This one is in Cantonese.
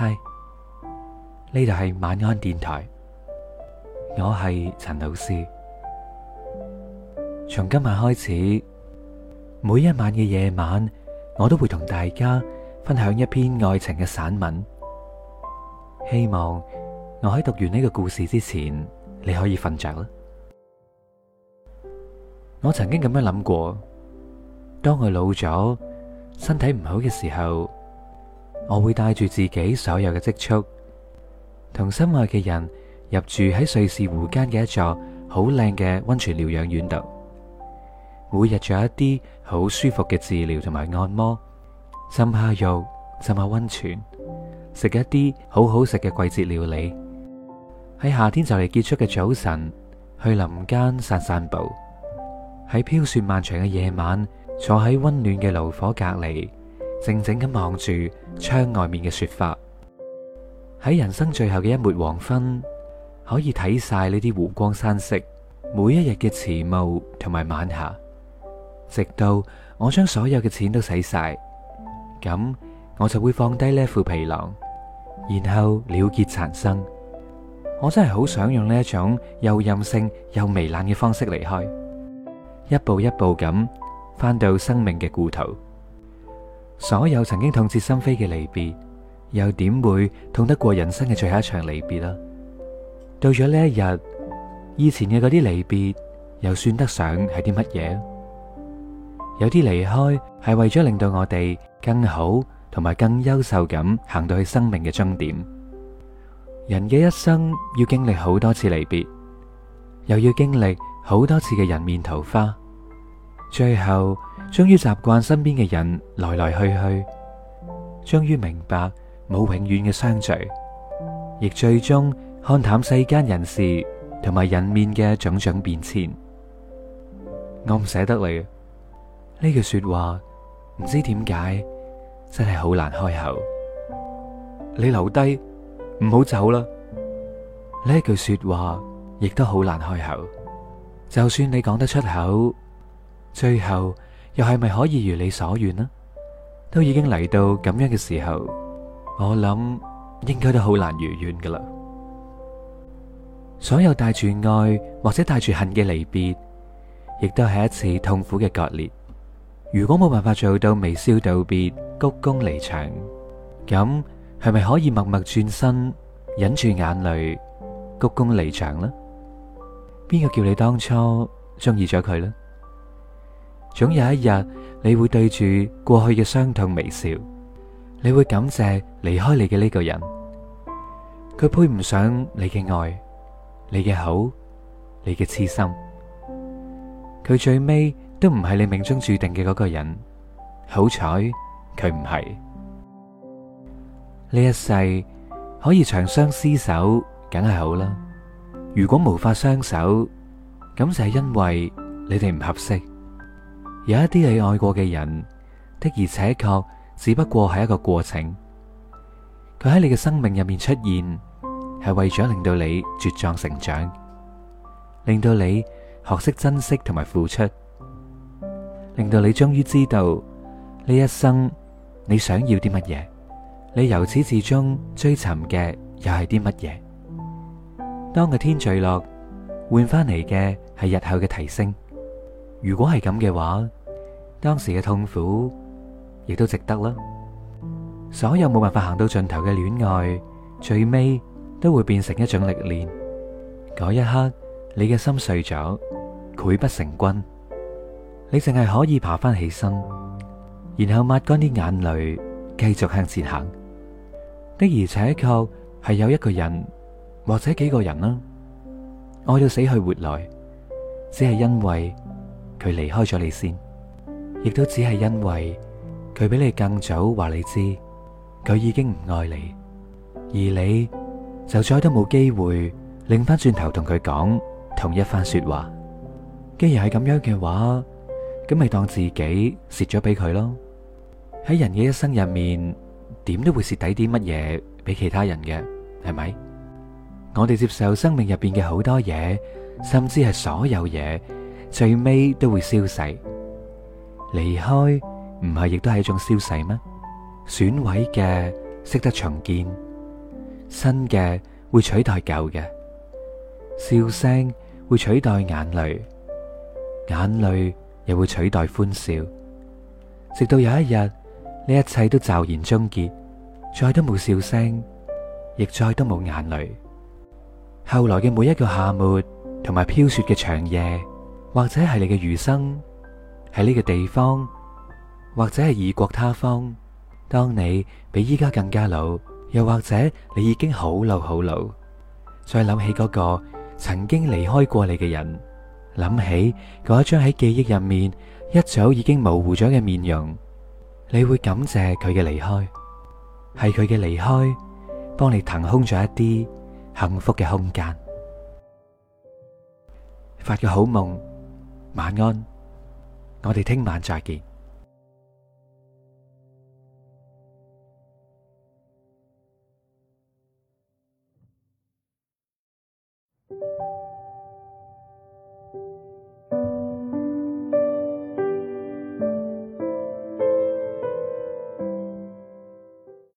嗨，呢度係晚安電台，我係陳老師。從今晚開始，每一晚嘅夜晚，我都會同大家分享一篇愛情嘅散文。希望我喺讀完呢個故事之前，你可以瞓着啦。我曾經咁樣諗過，當我老咗、身體唔好嘅時候。我會帶住自己所有嘅積蓄，同心愛嘅人入住喺瑞士湖間嘅一座好靚嘅温泉療養院度。每日做一啲好舒服嘅治療同埋按摩，浸下浴，浴，浸下温泉，食一啲好好食嘅季節料理。喺夏天就嚟結束嘅早晨，去林間散散步；喺飄雪漫長嘅夜晚，坐喺温暖嘅爐火隔籬。靜靜咁望住窗外面嘅雪花，喺人生最後嘅一抹黃昏，可以睇晒呢啲湖光山色，每一日嘅遲暮同埋晚霞，直到我將所有嘅錢都使晒，咁我就會放低呢副皮囊，然後了結殘生。我真係好想用呢一種又任性又糜爛嘅方式離開，一步一步咁翻到生命嘅故土。所有曾經痛徹心扉嘅離別，又點會痛得過人生嘅最後一場離別呢？到咗呢一日，以前嘅嗰啲離別，又算得上係啲乜嘢？有啲離開係為咗令到我哋更好，同埋更優秀咁行到去生命嘅終點。人嘅一生要經歷好多次離別，又要經歷好多次嘅人面桃花，最後。終於習慣身邊嘅人來來去去，終於明白冇永遠嘅相聚，亦最終看淡世間人事同埋人面嘅種種變遷。我唔捨得你，呢句說話唔知點解真係好難開口。你留低唔好走啦，呢句說話亦都好難開口。就算你講得出口，最後。又係咪可以如你所願呢？都已經嚟到咁樣嘅時候，我諗應該都好難如願㗎喇。所有帶住愛或者帶住恨嘅離別，亦都係一次痛苦嘅割裂。如果冇辦法做到微笑道別，鞠躬離場，咁係咪可以默默轉身、忍住眼淚、鞠躬離場呢？邊個叫你當初中意咗佢呢？總有一日你會對住過去嘅傷痛微笑，你會感謝離開你嘅呢個人。佢配唔上你嘅愛，你嘅好，你嘅癡心。佢最尾都唔係你命中注定嘅嗰個人。好彩佢唔係。呢一世可以長相厮守，梗係好啦。如果無法相守，咁就係因為你哋唔合適。有一啲你愛過嘅人，的而且確只不過係一個過程。佢喺你嘅生命入面出現，係為咗令到你茁壯成長，令到你學識珍惜同埋付出，令到你終於知道呢一生你想要啲乜嘢，你由始至終追尋嘅又係啲乜嘢。當個天墜落，換翻嚟嘅係日後嘅提升。如果係咁嘅話，當時嘅痛苦亦都值得啦。所有冇辦法行到盡頭嘅戀愛，最尾都會變成一種歷練。嗰一刻，你嘅心碎咗，潰不成軍，你淨係可以爬翻起身，然後抹乾啲眼淚，繼續向前行。的而且確，係有一個人或者幾個人啦，愛到死去活來，只係因為。佢離開咗你先，亦都只係因為佢比你更早話你知佢已經唔愛你，而你就再都冇機會擰翻轉頭同佢講同一番說話。既然係咁樣嘅話，咁咪當自己蝕咗俾佢咯。喺人嘅一生入面，點都會蝕底啲乜嘢俾其他人嘅，係咪？我哋接受生命入邊嘅好多嘢，甚至係所有嘢。最尾都會消逝，離開唔係亦都係一種消逝咩？損毀嘅識得重建，新嘅會取代舊嘅，笑聲會取代眼淚，眼淚又會取代歡笑，直到有一日呢一切都驟然終結，再都冇笑聲，亦再都冇眼淚。後來嘅每一個夏末同埋飄雪嘅長夜。或者係你嘅餘生喺呢個地方，或者係異國他方。當你比依家更加老，又或者你已經好老好老，再諗起嗰個曾經離開過你嘅人，諗起嗰一張喺記憶入面一早已經模糊咗嘅面容，你會感謝佢嘅離開，係佢嘅離開，幫你騰空咗一啲幸福嘅空間，發個好夢。晚安，我哋聽晚再見。